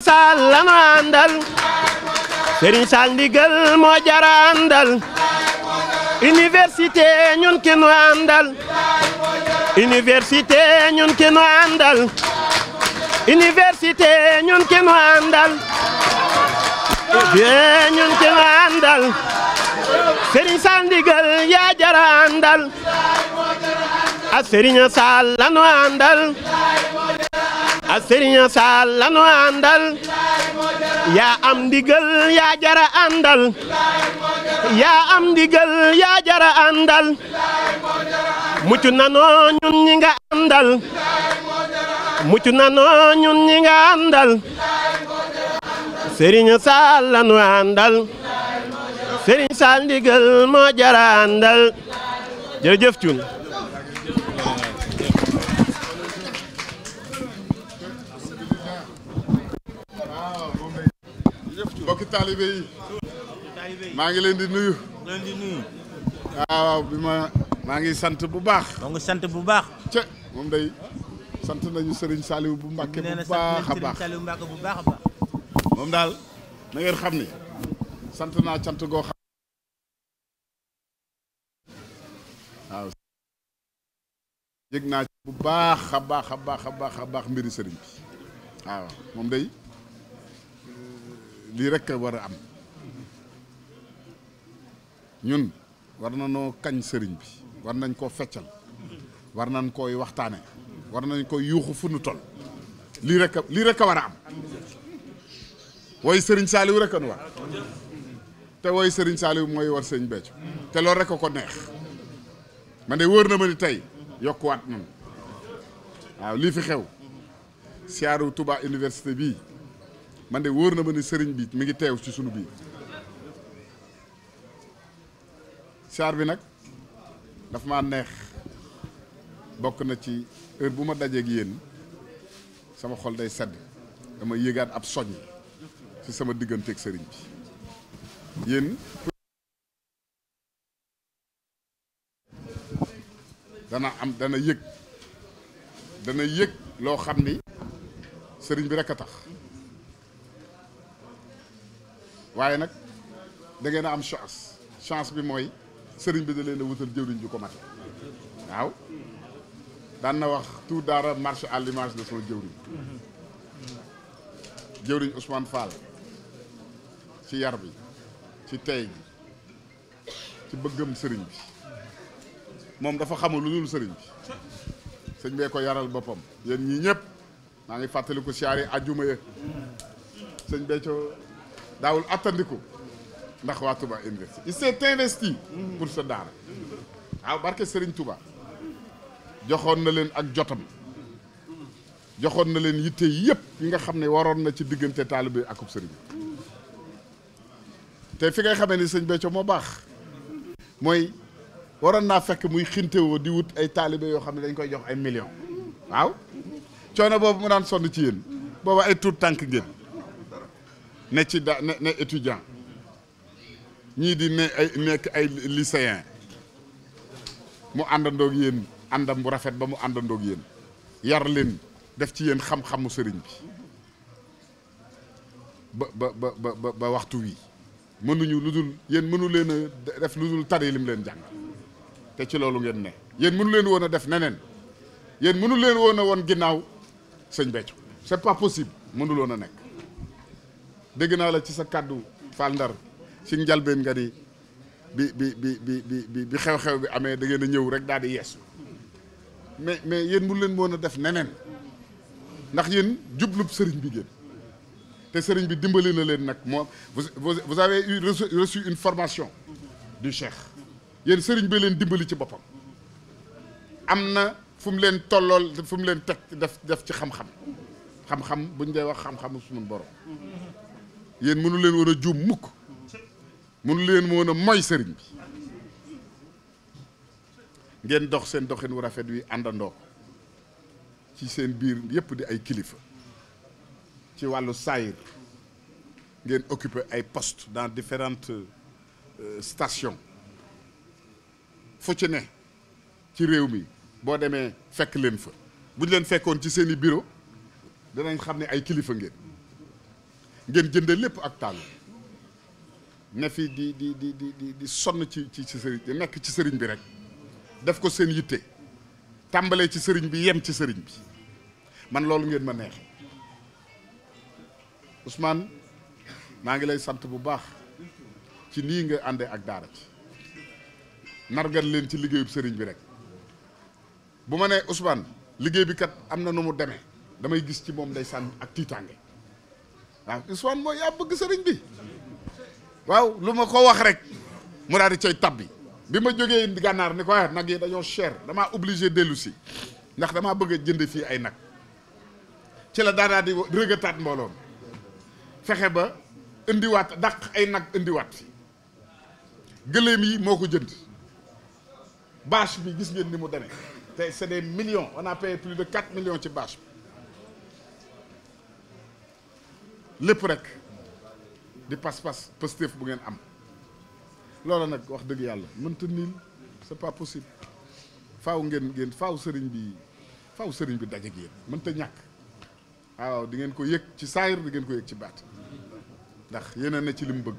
Sall la ma àndal Serigne Sall moo jara àndal université ñun ki nu àndal ñun ki nu àndal université ñun ki nu àndal yee ñun yaa jara àndal ak Serigne Sall lanu àndal yaa am ndigal yaa jara àndal yaa am ndigal yaa jara àndal mucc nanoo ñun ñi nga àndal mucc nanoo ñun ñi nga àndal Serigne Sall lanu àndal Serigne Sall ndigal moo jara àndal jërëjëf taalibe yi maa ngi leen di nuyu leen ah, waaw bi ma maa ngi sant bu baax maa sant bu baax ca moom day sant nañu sëriñ Saliou bu Mbacke bu baax a baax a baax moom daal na ngeen xam ni sant naa cant gox xam waaw yëg naa bu baax a baax a baax baax a baax mbiri Serigne ah, waaw moom day lii rek war a am ñun war na noo kañ sëriñ bi war nañ koo feccal war nañ koy waxtaane war nañ koo yuuxu fu nu toll lii rek lii rek a war a am wooy sëriñ Saaliw rek a nu war te wooy sëriñ Saaliw mooy war sëriñ Béthio te loolu ko neex man de wóor na ma ni tey yokkuwaat noonu waaw lii fi xew siyaaru tubaa université bii man de wóor na ma ne sëriñ bi mi ngi teew ci sunu biir saar bi nag daf ma neex bokk na ci heure bu ma dajeeg yéen sama xol day sedd dama yéegaat ab soññ ci sama digganteek sëriñ bi yéen dana am dana yëg dana yëg loo xam ni sëriñ bi rek a tax waaye nag da ngeen a am chance chance bi mooy sëriñ bi da leen a wutal jëwriñ ju ko mate waaw daan na wax tu daara marche à l'image de son jëwriñ jëwriñ Ousmane Fall ci yar bi ci tey ji ci bëggam sëriñ bi moom dafa xamul lu dul sëriñ bi sëñ bee ko yaral boppam yéen ñii ñëpp maa ngi fàttaliku siyaare ajjuma ya sëñ Béthio daawul attandiku ndax waa tubaa investi il s'est investi pour sa daara waaw barke Serigne Touba joxoon na leen ak jotam joxoon na leen yitte yëpp yi nga xam ne waroon na ci diggante taalibe akub sëriñ te fi ngay xame ni sëñ Béthio moo baax mooy waroon naa fekk muy xintewoo di wut ay taalibe yoo xam ne dañ koy jox ay millions waaw coono boobu mu daan sonn ci yéen boobu ay tuut tànk ngeen ne ci da ne ne étudiant ñii di ne ay nekk ay lycéen mu àndandoog yéen àndam bu rafet ba mu àndandoog yéen yar leen def ci yéen xam-xamu sëriñ bi ba ba ba ba ba waxtu wi mënuñu lu dul yéen mënu leen def lu dul tari lim leen jàng te ci loolu ngeen ne yéen mënu leen woon a def neneen yéen mënu leen woon woon ginnaaw sëñ Béthio c'est pas possible mënu a nekk dégg naa la ci sa kàddu Fall Ndar ci njalbeen nga ni bi bi bi bi bi xew-xew bi amee da ngeen a ñëw rek daal di yeesu mais mais yéen mu leen mën a def neneen ndax yéen jublub sëriñ bi ngeen te sëriñ bi dimbali na leen nag moo vous vous avez eu reçu une formation du cheikh yéen sëriñ bi leen dimbali ci boppam am na fum leen tollool fu mu leen teg def def ci xam-xam xam-xam buñ dee wax xam-xamu suñu borom yéen mënu leen woon a juum mukk mënu leen woon a moy sëriñ bi ngeen dox seen doxin wu rafet wi àndandoo ci seen biir yépp di ay kilifa ci wàllu saayir ngeen occuper ay post dans différentes euh, stations fu ci ne ci réew mi boo demee fekk leen fa bu ñu leen fekkoon ci seen i bureau danañ xam ne ay kilifa ngeen ngeen jënde lépp ak taal ne fi di di di di sonn ci ci ci sëriñ nekk ci sëriñ bi rek def ko seen yitte tàmbalee ci sëriñ bi yem ci sëriñ bi man loolu ngeen ma neexe usmaan maa ngi lay sant bu baax ci nii nga àndee ak daara ci nargal leen ci liggéeyub sëriñ bi rek bu ma nee Ousmane liggéey bi kat am na nu mu demee damay gis ci moom sànn ak tiitaange waaw Ousmane mooy yaa bëgg sëriñ bi waaw lu ma ko wax rek mu daal di coy tab bi bi ma jógee gànnaar ni ko ah nag yi dañoo cher damaa obligé dellu si ndax damaa bëgg a jënd fii ay nag ci la daanaa di rëgataat mbooloom fexe ba indiwaat daq ay nag indiwaat fi gëléem yi moo ko jënd bâche bi gis ngeen ni mu demee te c'est des millions on a payé plus de 4 millions ci bâche bi lépp rek di pas-pas positif bu ngeen am loola nag wax dëgg yàlla mënta niil c'est pas possible faaw ngeen ngeen faaw sëriñ bi faaw sëriñ bi daje ak mënta ñàkk waaw di ngeen ko yëg ci saayir di ngeen ko yëg ci baat ndax yéen ne ci li mu bëgg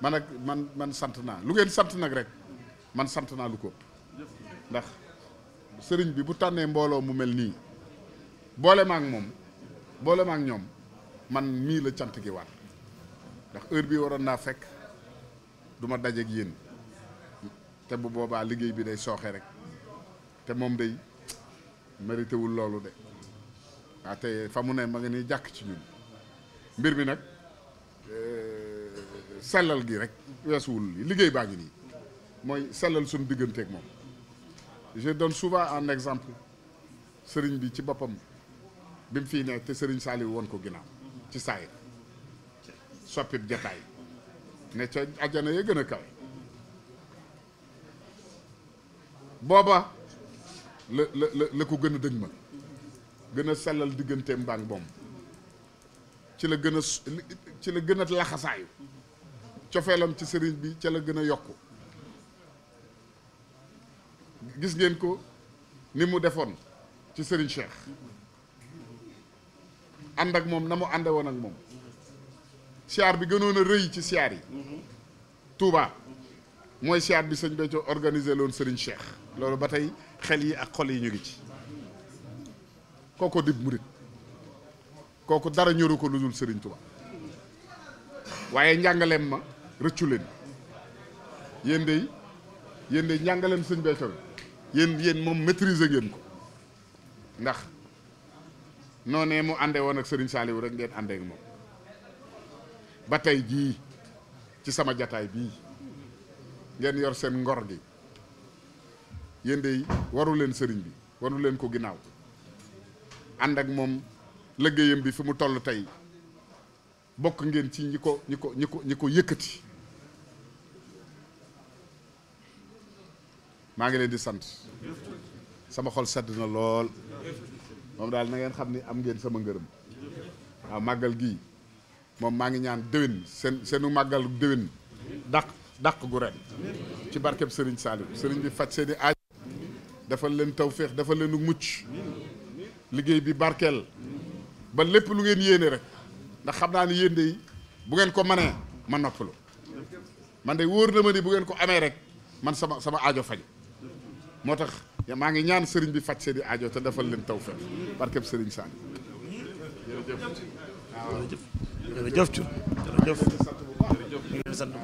man ak man man sant naa lu ngeen sant nag rek man sant naa lu ko ndax sëriñ bi bu tànnee mbooloo mu mel nii boole ak moom boole ak ñoom. man mii la cant gi waat ndax heure bii waroon naa fekk duma daje dajeek yéen te bu boobaa liggéey bi day sooxe rek te moom day mérité wul loolu de waaw te fa mu ne ma nga ni jàkk ci ñun mbir mi nag euh, sellal gi rek weesuwul liggéey baa ngi nii mooy sellal suñu digganteek moom je donne souvent en exemple sëriñ bi ci boppam bi mu fii ne te sëriñ Saliou woon ko ginaaw ci saayir soppib jataay ne ca ajjana ya gën a kawe booba la la la ko gën a dëñ ma gën a sellal diggante mbaang moom ci la gën a ci la gën a laxasaayu cofeelam ci sëriñ bi ca la gën a yokku gis ngeen ko ni mu defoon ci sëriñ Cheikh ànd ak moom na mu ànde woon ak moom siyaar bi gënoon a rëy ci siyaar yi Touba mooy siyaar bi sëñ Béthio organisé loon Serigne Cheikh loolu ba tey xel yi ak xol yi ñu ngi ci kooku dib murit kooku dara ñoru ko lu dul sëriñ Touba waaye njàngaleem ma rëccu leen yéen de yéen de njàngaleem sëñ Béthio yéen yéen moom maîtriser ngeen ko ndax noonee mu àndee woon ak sëriñ Saliou rek ngeen àndee moom ba tey jii ci sama jataay bii ngeen yor seen ngor gi yéen de waru leen sëriñ bi waru leen ko ginnaaw ànd ak moom liggéeyam bi fi mu toll tey bokk ngeen ci ñi ko ñi ko ñi ko ñi ko yëkkati maa ngi leen di sant sama xol sedd na lool moom daal na ngeen xam ni am ngeen sama ngërëm waaw màggal gii moom maa ngi ñaan déwén seen seenu màggal déwén dàq dàq gu rek ci barkeb sëriñ Saliou sëriñ bi faj seeni aaj defal leen tawféex defal leen mucc liggéey bi barkeel ba lépp lu ngeen yéene rek ndax xam naa ni yéen de bu ngeen ko manee ma noppalu man de wóor na ma ni bu ngeen ko amee rek man sama sama aajo faj moo tax te maa ngi ñaan sëriñ bi faj seeni aajo te defal leen tawfeex barkeb sëriñ Sane. jërëjëf jërëjëf jërëjëf